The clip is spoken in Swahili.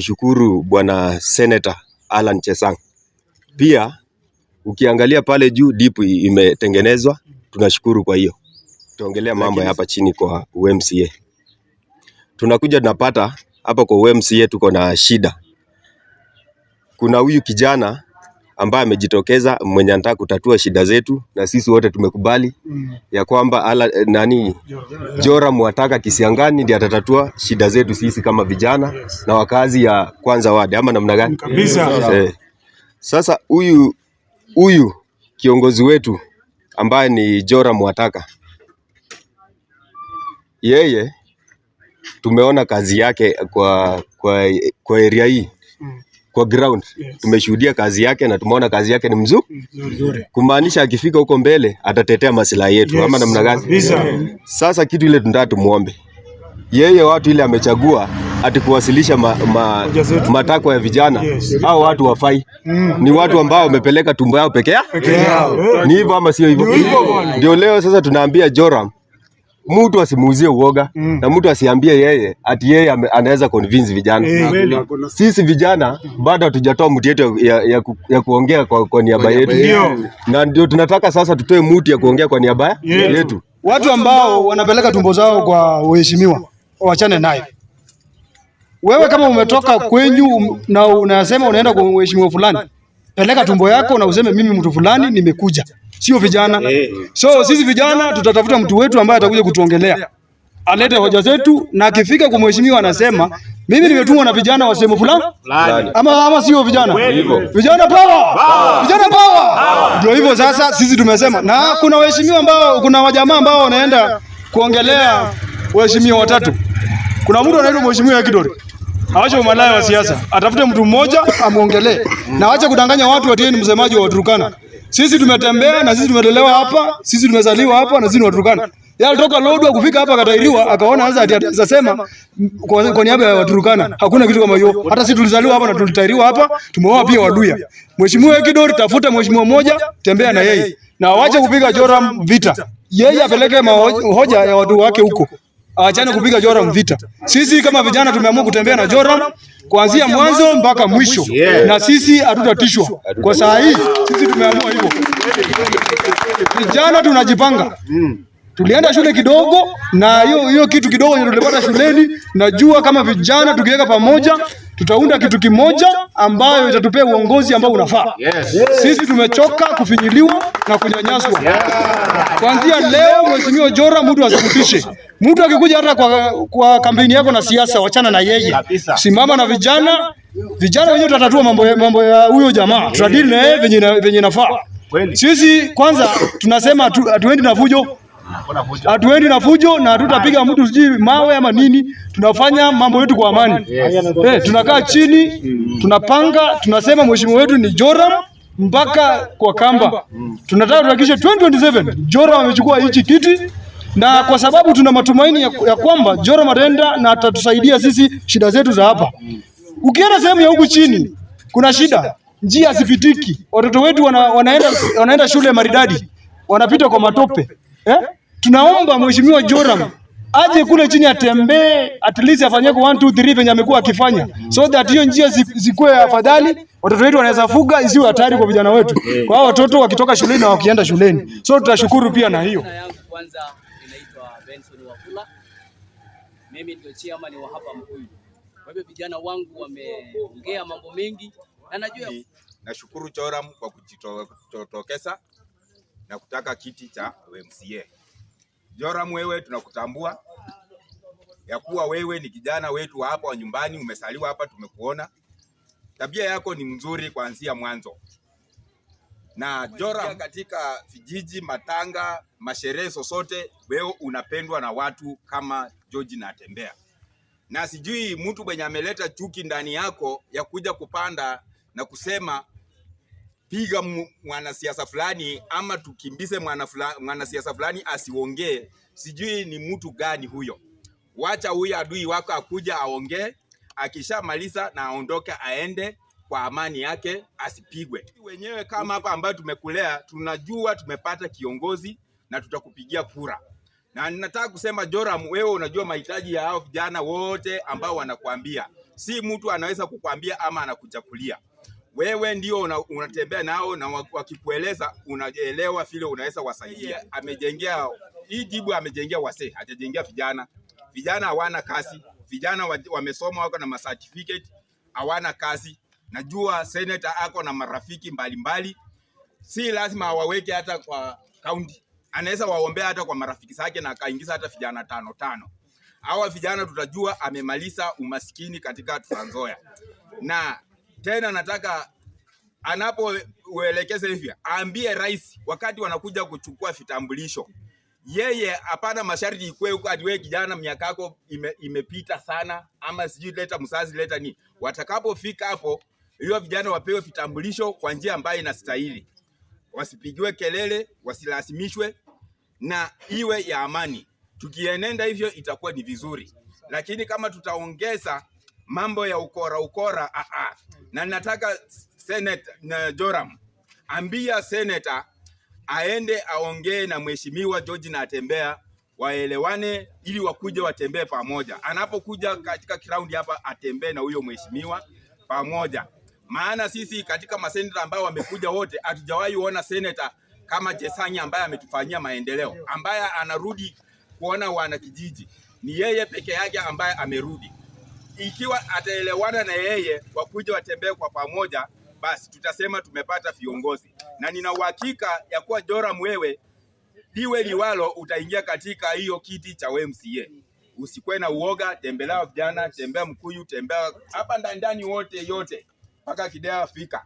Shukuru bwana Senator Alan Chesang. Pia ukiangalia pale juu dip imetengenezwa, tunashukuru kwa hiyo. Tuongelea mambo ya hapa chini kwa UMCA. Tunakuja tunapata hapa kwa UMCA tuko na shida. Kuna huyu kijana ambaye amejitokeza mwenye anataka kutatua shida zetu, na sisi wote tumekubali ya kwamba ala, eh, nani Joram Mwataka Kisiangani ndiye atatatua shida zetu sisi kama vijana na wakazi ya kwanza wadi, ama namna gani kabisa. Eh. sasa huyu huyu kiongozi wetu ambaye ni Joram Mwataka, yeye tumeona kazi yake kwa kwa, kwa area hii mm kwa ground yes. Tumeshuhudia kazi yake na tumeona kazi yake ni mzuri, kumaanisha akifika huko mbele atatetea maslahi yetu yes. Ama namna gani? Sasa kitu ile tunataka tumuombe yeye, watu ile amechagua atikuwasilisha ma, ma, matakwa ya vijana yes. Au watu wafai mm. Ni watu ambao wamepeleka tumbo yao peke yao, ni hivyo ama sio hivyo? Ndio leo sasa tunaambia Joram mtu asimuuzie uoga mm. na mtu asiambie yeye ati yeye anaweza convince vijana hey, eh, sisi vijana mm. bado hatujatoa mtu yetu ya, ya, ku, ya kuongea kwa, kwa niaba yetu yeah. na ndio tunataka sasa tutoe mtu ya kuongea kwa niaba yeah. yetu. Watu ambao wanapeleka tumbo zao kwa uheshimiwa wachane naye. Wewe kama umetoka kwenyu um- na unasema unaenda kwa uheshimiwa fulani, peleka tumbo yako na useme mimi mtu fulani nimekuja sio vijana. Eh. So sisi vijana tutatafuta mtu wetu ambaye atakuja kutuongelea, alete hoja zetu, na akifika kwa mheshimiwa anasema mimi nimetumwa na vijana wa sehemu fulani, ama ama sio vijana? Vijana power, vijana power, ndio hivyo. Sasa sisi tumesema, na kuna waheshimiwa ambao, kuna wajamaa ambao wanaenda kuongelea waheshimiwa watatu. Kuna mtu anaitwa mheshimiwa Kidori, awache umalaya wa siasa, atafute mtu mmoja amuongelee, na acha kudanganya watu ati ni msemaji wa Turkana. Sisi tumetembea na sisi tumelelewa hapa, sisi tumezaliwa hapa na sisi ni Waturkana. Yeye alitoka Lodwa kufika hapa akatairiwa, akaona sasa ataweza sema kwa niaba ya Waturkana. Hakuna kitu kama hiyo. Hata sisi tulizaliwa hapa na tulitairiwa hapa, tumeoa pia Waduya. Mheshimiwa Ekidori, tafuta mheshimiwa mmoja, tembea na yeye. Na waache kupiga Joram vita. Yeye apeleke hoja ya watu wake huko. Aachane kupiga Joram vita. Sisi kama vijana tumeamua kutembea na Joram kuanzia mwanzo mpaka mwisho, Na sisi hatutatishwa kwa saa hii, sisi tumeamua hivyo. Vijana tunajipanga mm. Tulienda shule kidogo na hiyo hiyo kitu kidogo tulipata shuleni, najua kama vijana tukiweka pamoja tutaunda kitu kimoja ambayo itatupea uongozi ambao unafaa. Yes. Sisi tumechoka kufinyiliwa na kunyanyaswa. Kuanzia leo, Mheshimiwa Joram, mtu asikutishe. Mtu akikuja hata kwa, kwa kampeni yako na siasa, wachana na yeye, simama na vijana. Vijana wenyewe tutatatua mambo, mambo ya huyo jamaa, tutadili na yeye venye, venye nafaa. Sisi kwanza tunasema hatuendi na fujo, hatuendi na fujo na hatutapiga mtu sijui mawe ama nini. Tunafanya mambo yetu kwa amani yes. Hey, eh, tunakaa chini tunapanga, tunasema mheshimiwa wetu ni Joram mpaka kwa kamba, mm. tunataka tuhakikishe 2027 Joram amechukua hichi kiti na kwa sababu tuna matumaini ya, ya kwamba Joro Madenda na atatusaidia sisi shida zetu za hapa. Ukienda sehemu ya huku chini kuna shida, njia hazipitiki, watoto wetu wana, wanaenda, wanaenda shule maridadi, wanapita kwa matope eh? Tunaomba mheshimiwa Joram aje kule chini atembee at least afanye kwa 1 2 3 venye amekuwa akifanya, so that hiyo njia zikuwe afadhali, watoto wetu wanaweza fuga, isiwe hatari kwa vijana wetu, kwa watoto wakitoka shuleni na wakienda shuleni. So tutashukuru pia na hiyo. Benson Wafula, mimi ndio chairman wa hapa Mkuyu. Kwa hivyo vijana wangu wameongea mambo mengi na najua. Nashukuru Choram kwa kujitokeza na kutaka kiti cha MCA. Joram, wewe tunakutambua ya kuwa wewe ni kijana wetu hapa wa nyumbani, umesaliwa hapa, tumekuona tabia yako ni mzuri kuanzia mwanzo na Jora katika vijiji, matanga, masherehe, sosote, wewe unapendwa na watu kama George Natembeya, na sijui mtu mwenye ameleta chuki ndani yako ya kuja kupanda na kusema piga mwanasiasa fulani ama tukimbize mwanasiasa fulani asiongee. Sijui ni mtu gani huyo. Wacha huyo adui wako akuja aongee, akishamaliza na aondoke aende kwa amani yake asipigwe. Wenyewe kama hapa ambayo tumekulea, tunajua tumepata kiongozi na tutakupigia kura, na ninataka kusema Joram, wewe unajua mahitaji ya hao vijana wote ambao wanakuambia, si mtu anaweza kukwambia ama anakuchakulia wewe ndio una, unatembea nao na wakikueleza unaelewa vile unaweza wasaidia. Amejengea hii jibu, amejengea wasee, hajajengea vijana. Vijana hawana kazi, vijana wamesoma wako na certificate hawana kazi. Najua seneta ako na marafiki mbalimbali mbali. Si lazima awaweke hata kwa kaunti, anaweza waombea hata kwa marafiki zake na akaingiza hata vijana tano tano. Hawa vijana tutajua amemaliza umaskini katika Trans Nzoia. Na tena nataka anapoelekeza hivi aambie rais, wakati wanakuja kuchukua vitambulisho, yeye hapana masharti ikwe huko ati wewe kijana miaka yako ime, imepita sana ama sijui leta msazi leta ni Watakapofika hapo hiyo vijana wapewe vitambulisho kwa njia ambayo inastahili, wasipigiwe kelele, wasilasimishwe na iwe ya amani. Tukienenda hivyo itakuwa ni vizuri, lakini kama tutaongeza mambo ya ukora ukora, a ah, a, ah. na nataka seneta na Joram ambia seneta aende aongee na mheshimiwa George na atembea waelewane, ili wakuje watembee pamoja. Anapokuja katika kiraundi hapa, atembee na huyo mheshimiwa pamoja maana sisi katika maseneta ambayo wamekuja wote hatujawahi ona seneta kama Jesanya ambaye ametufanyia maendeleo, ambaye anarudi kuona wanakijiji. Ni yeye peke yake ambaye amerudi. Ikiwa ataelewana na yeye wakuja watembee kwa pamoja, basi tutasema tumepata viongozi, na nina uhakika ya kuwa Joram, wewe liwe liwalo, utaingia katika hiyo kiti cha MCA. Usikwe na uoga, tembelea vijana, tembea Mkuyu, tembea hapa ndani wote yote Pagar que der, fica.